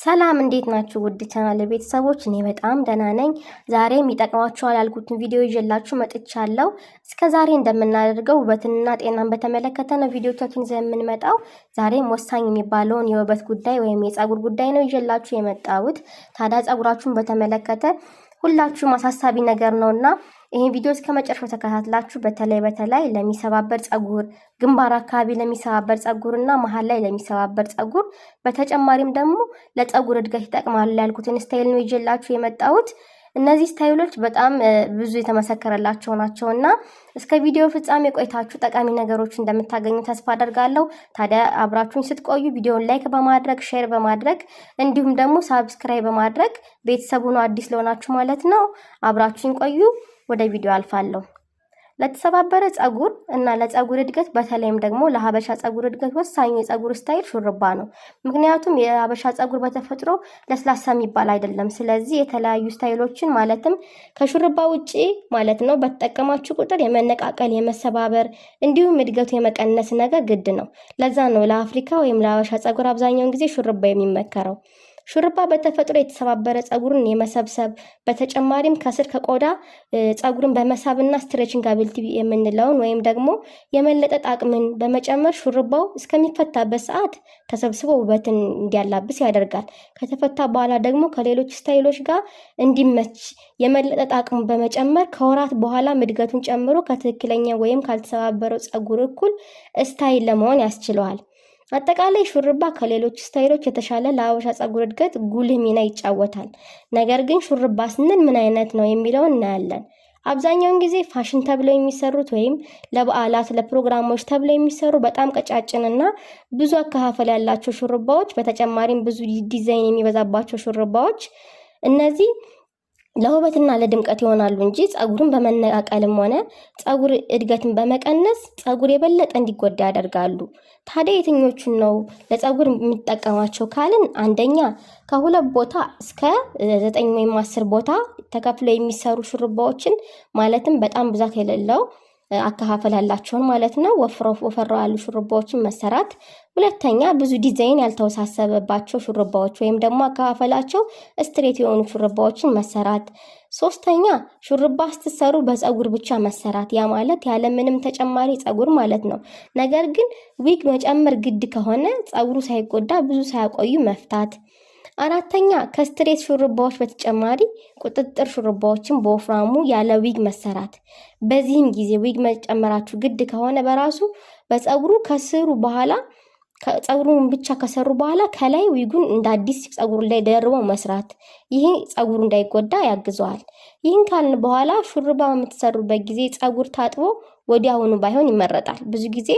ሰላም እንዴት ናችሁ? ውድ ቻናል ቤተሰቦች፣ እኔ በጣም ደህና ነኝ። ዛሬም ይጠቅማችኋል ያልኩትን ቪዲዮ ይዤላችሁ መጥቻለሁ። እስከ ዛሬ እንደምናደርገው ውበትንና ጤናን በተመለከተ ነው ቪዲዮ ተኪን ይዘን የምንመጣው። ዛሬም ወሳኝ የሚባለውን የውበት ጉዳይ ወይም የፀጉር ጉዳይ ነው ይዤላችሁ የመጣሁት። ታዲያ ፀጉራችሁን በተመለከተ ሁላችሁም አሳሳቢ ነገር ነውና ይህን ቪዲዮ እስከ መጨረሻው ተከታትላችሁ በተለይ በተለይ ለሚሰባበር ጸጉር፣ ግንባር አካባቢ ለሚሰባበር ጸጉር እና መሀል ላይ ለሚሰባበር ጸጉር በተጨማሪም ደግሞ ለጸጉር እድገት ይጠቅማሉ ያልኩትን ስታይል ነው ይዤላችሁ የመጣሁት። እነዚህ ስታይሎች በጣም ብዙ የተመሰከረላቸው ናቸው እና እስከ ቪዲዮ ፍጻሜ ቆይታችሁ ጠቃሚ ነገሮች እንደምታገኙ ተስፋ አደርጋለሁ። ታዲያ አብራችሁኝ ስትቆዩ ቪዲዮን ላይክ በማድረግ ሼር በማድረግ እንዲሁም ደግሞ ሳብስክራይብ በማድረግ ቤተሰቡን አዲስ ለሆናችሁ ማለት ነው አብራችሁኝ ቆዩ። ወደ ቪዲዮ አልፋለሁ። ለተሰባበረ ጸጉር እና ለጸጉር እድገት በተለይም ደግሞ ለሀበሻ ጸጉር እድገት ወሳኙ የጸጉር ስታይል ሹርባ ነው። ምክንያቱም የሀበሻ ጸጉር በተፈጥሮ ለስላሳ የሚባል አይደለም። ስለዚህ የተለያዩ ስታይሎችን ማለትም ከሹርባ ውጪ ማለት ነው በተጠቀማችሁ ቁጥር የመነቃቀል፣ የመሰባበር እንዲሁም እድገቱ የመቀነስ ነገር ግድ ነው። ለዛ ነው ለአፍሪካ ወይም ለሀበሻ ጸጉር አብዛኛውን ጊዜ ሹርባ የሚመከረው። ሹርባ በተፈጥሮ የተሰባበረ ፀጉርን የመሰብሰብ በተጨማሪም ከስር ከቆዳ ፀጉርን በመሳብና ስትሬችንግ አቢሊቲ የምንለውን ወይም ደግሞ የመለጠጥ አቅምን በመጨመር ሹርባው እስከሚፈታበት ሰዓት ተሰብስቦ ውበትን እንዲያላብስ ያደርጋል። ከተፈታ በኋላ ደግሞ ከሌሎች ስታይሎች ጋር እንዲመች የመለጠጥ አቅም በመጨመር ከወራት በኋላ እድገቱን ጨምሮ ከትክክለኛ ወይም ካልተሰባበረው ፀጉር እኩል ስታይል ለመሆን ያስችለዋል። በአጠቃላይ ሹርባ ከሌሎች ስታይሎች የተሻለ ለሀበሻ ፀጉር እድገት ጉልህ ሚና ይጫወታል። ነገር ግን ሹርባ ስንል ምን አይነት ነው የሚለውን እናያለን። አብዛኛውን ጊዜ ፋሽን ተብለው የሚሰሩት ወይም ለበዓላት፣ ለፕሮግራሞች ተብለው የሚሰሩ በጣም ቀጫጭንና ብዙ አከፋፈል ያላቸው ሹርባዎች፣ በተጨማሪም ብዙ ዲዛይን የሚበዛባቸው ሹርባዎች እነዚህ ለውበትና ለድምቀት ይሆናሉ እንጂ ፀጉርን በመነቃቀልም ሆነ ፀጉር እድገትን በመቀነስ ፀጉር የበለጠ እንዲጎዳ ያደርጋሉ። ታዲያ የትኞቹን ነው ለፀጉር የሚጠቀማቸው ካልን፣ አንደኛ ከሁለት ቦታ እስከ ዘጠኝ ወይም አስር ቦታ ተከፍለው የሚሰሩ ሹሩባዎችን ማለትም በጣም ብዛት የሌለው አከፋፈል ያላቸውን ማለት ነው። ወፈራው ያሉ ሹሩባዎችን መሰራት። ሁለተኛ ብዙ ዲዛይን ያልተወሳሰበባቸው ሹሩባዎች ወይም ደግሞ አከፋፈላቸው ስትሬት የሆኑ ሹሩባዎችን መሰራት። ሶስተኛ ሹሩባ ስትሰሩ በፀጉር ብቻ መሰራት፣ ያ ማለት ያለምንም ተጨማሪ ፀጉር ማለት ነው። ነገር ግን ዊግ መጨመር ግድ ከሆነ ፀጉሩ ሳይጎዳ ብዙ ሳያቆዩ መፍታት አራተኛ ከስትሬት ሹርባዎች በተጨማሪ ቁጥጥር ሹርባዎችን በወፍራሙ ያለ ዊግ መሰራት። በዚህም ጊዜ ዊግ መጨመራችሁ ግድ ከሆነ በራሱ በፀጉሩ ከስሩ በኋላ ፀጉሩን ብቻ ከሰሩ በኋላ ከላይ ዊጉን እንደ አዲስ ፀጉሩ ላይ ደርበው መስራት፣ ይህ ፀጉሩ እንዳይጎዳ ያግዘዋል። ይህን ካልን በኋላ ሹርባ የምትሰሩበት ጊዜ ፀጉር ታጥቦ ወዲያውኑ ባይሆን ይመረጣል። ብዙ ጊዜ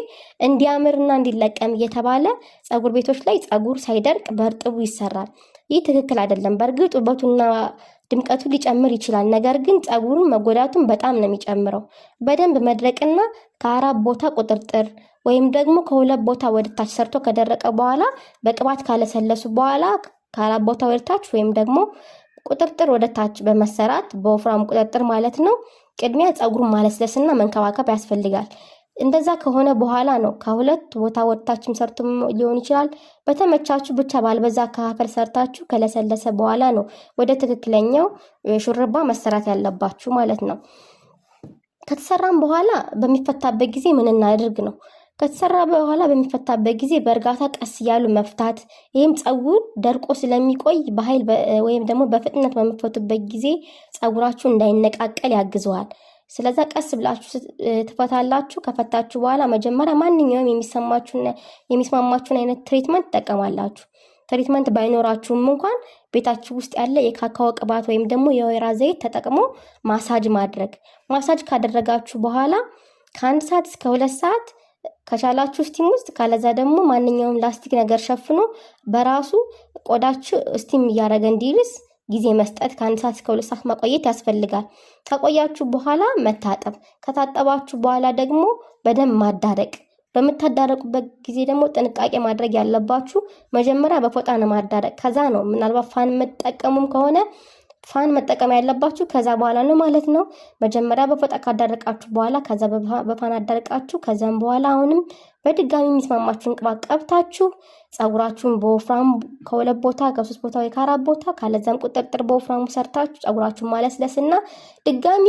እንዲያምርና እንዲለቀም እየተባለ ፀጉር ቤቶች ላይ ፀጉር ሳይደርቅ በእርጥቡ ይሰራል። ይህ ትክክል አይደለም። በእርግጥ ውበቱና ድምቀቱ ሊጨምር ይችላል። ነገር ግን ፀጉሩን መጎዳቱን በጣም ነው የሚጨምረው። በደንብ መድረቅና ከአራት ቦታ ቁጥርጥር ወይም ደግሞ ከሁለት ቦታ ወደታች ሰርቶ ከደረቀ በኋላ በቅባት ካለሰለሱ በኋላ ከአራት ቦታ ወደታች ወይም ደግሞ ቁጥርጥር ወደታች በመሰራት በወፍራም ቁጥርጥር ማለት ነው። ቅድሚያ ፀጉሩን ማለስለስና መንከባከብ ያስፈልጋል። እንደዛ ከሆነ በኋላ ነው ከሁለት ቦታ ወደታችም ሰርቶ ሊሆን ይችላል። በተመቻችሁ ብቻ ባልበዛ አከፋፈል ሰርታችሁ ከለሰለሰ በኋላ ነው ወደ ትክክለኛው ሹርባ መሰራት ያለባችሁ ማለት ነው። ከተሰራም በኋላ በሚፈታበት ጊዜ ምን እናድርግ ነው ከተሰራ በኋላ በሚፈታበት ጊዜ በእርጋታ ቀስ እያሉ መፍታት። ይህም ፀጉር ደርቆ ስለሚቆይ በኃይል ወይም ደግሞ በፍጥነት በምፈቱበት ጊዜ ፀጉራችሁ እንዳይነቃቀል ያግዘዋል። ስለዛ ቀስ ብላችሁ ትፈታላችሁ። ከፈታችሁ በኋላ መጀመሪያ ማንኛውም የሚስማማችሁን አይነት ትሪትመንት ትጠቀማላችሁ። ትሪትመንት ባይኖራችሁም እንኳን ቤታችሁ ውስጥ ያለ የካካዎ ቅባት ወይም ደግሞ የወይራ ዘይት ተጠቅሞ ማሳጅ ማድረግ። ማሳጅ ካደረጋችሁ በኋላ ከአንድ ሰዓት እስከ ሁለት ሰዓት ከቻላችሁ ስቲም ውስጥ ካለዛ ደግሞ ማንኛውም ላስቲክ ነገር ሸፍኖ በራሱ ቆዳችሁ ስቲም እያደረገ እንዲልስ ጊዜ መስጠት ከአንድ ሰዓት እስከ ሁለት ሰዓት ማቆየት ያስፈልጋል። ከቆያችሁ በኋላ መታጠብ፣ ከታጠባችሁ በኋላ ደግሞ በደንብ ማዳረቅ። በምታዳረቁበት ጊዜ ደግሞ ጥንቃቄ ማድረግ ያለባችሁ መጀመሪያ በፎጣ ነው ማዳረቅ። ከዛ ነው ምናልባት ፋን የምትጠቀሙም ከሆነ ፋን መጠቀም ያለባችሁ ከዛ በኋላ ነው ማለት ነው። መጀመሪያ በፎጣ ካዳረቃችሁ በኋላ ከዛ በፋን አዳርቃችሁ ከዛም በኋላ አሁንም በድጋሚ የሚስማማችሁን ቅባት ቀብታችሁ ፀጉራችሁን በወፍራም ከሁለት ቦታ ከሶስት ቦታ ወይ ከአራት ቦታ ካለዛም ቁጥርጥር በወፍራሙ ሰርታችሁ ፀጉራችሁን ማለስለስ እና ድጋሚ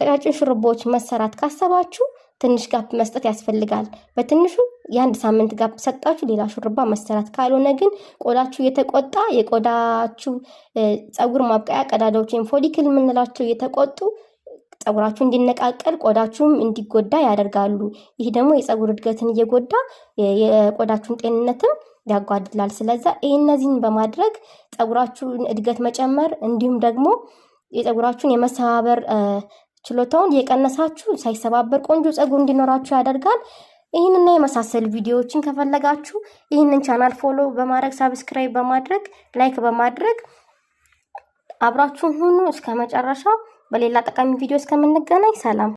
ቀጫጭን ሽሩባዎች መሰራት ካሰባችሁ ትንሽ ጋፕ መስጠት ያስፈልጋል። በትንሹ የአንድ ሳምንት ጋፕ ሰጣችሁ ሌላ ሹርባ መሰራት፣ ካልሆነ ግን ቆዳችሁ የተቆጣ የቆዳችሁ ፀጉር ማብቀያ ቀዳዳዎች ወይም ፎሊክል የምንላቸው የተቆጡ ፀጉራችሁ እንዲነቃቀል ቆዳችሁም እንዲጎዳ ያደርጋሉ። ይህ ደግሞ የፀጉር እድገትን እየጎዳ የቆዳችሁን ጤንነትም ያጓድላል። ስለዛ ይህ እነዚህን በማድረግ ፀጉራችሁን እድገት መጨመር እንዲሁም ደግሞ የፀጉራችሁን የመሰባበር ችሎታውን የቀነሳችሁ ሳይሰባበር ቆንጆ ፀጉር እንዲኖራችሁ ያደርጋል። ይህንና የመሳሰሉ ቪዲዮዎችን ከፈለጋችሁ ይህንን ቻናል ፎሎ በማድረግ ሳብስክራይብ በማድረግ ላይክ በማድረግ አብራችሁን ሁኑ እስከ መጨረሻው። በሌላ ጠቃሚ ቪዲዮ እስከምንገናኝ ሰላም።